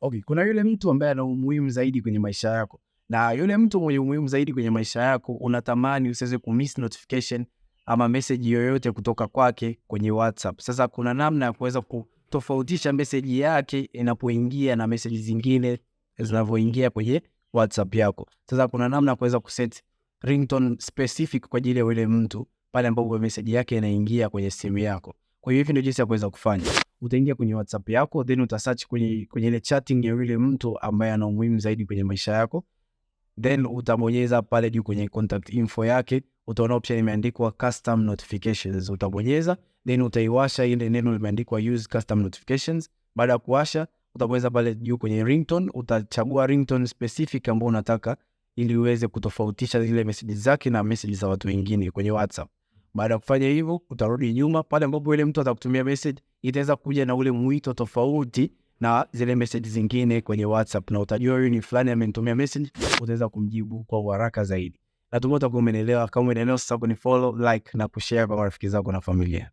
Okay, kuna yule mtu ambaye ana umuhimu zaidi kwenye maisha yako, na yule mtu mwenye umuhimu zaidi kwenye maisha yako unatamani usiweze kumiss notification ama message yoyote kutoka kwake kwenye WhatsApp. Sasa kuna namna ya kuweza kutofautisha message yake inapoingia na message zingine zinavyoingia kwenye WhatsApp yako. Sasa kuna namna ya kuweza kuset ringtone specific kwa ajili ya yule mtu pale ambapo message yake inaingia kwenye simu yako. Kwa hiyo hivi ndio jinsi ya kuweza kufanya utaingia kwenye WhatsApp yako then utasearch kwenye, kwenye ile chatting ya yule mtu ambaye ana umuhimu zaidi kwenye maisha yako, then utabonyeza pale juu kwenye contact info yake, utaona option imeandikwa custom notifications. Utabonyeza then utaiwasha ile neno limeandikwa use custom notifications. Baada ya kuwasha, utabonyeza pale juu kwenye ringtone, utachagua ringtone specific ambayo unataka ili uweze kutofautisha zile message zake na message za watu wengine kwenye WhatsApp. Baada ya kufanya hivyo, utarudi nyuma pale ambapo ile mtu atakutumia message, itaweza kuja na ule mwito tofauti na zile message zingine kwenye WhatsApp, na utajua huyu ni fulani amenitumia message, utaweza kumjibu kwa uharaka zaidi. Natumai utakuwa umeelewa Kama umeelewa sasa kunifollow, like na kushare kwa marafiki zako na familia.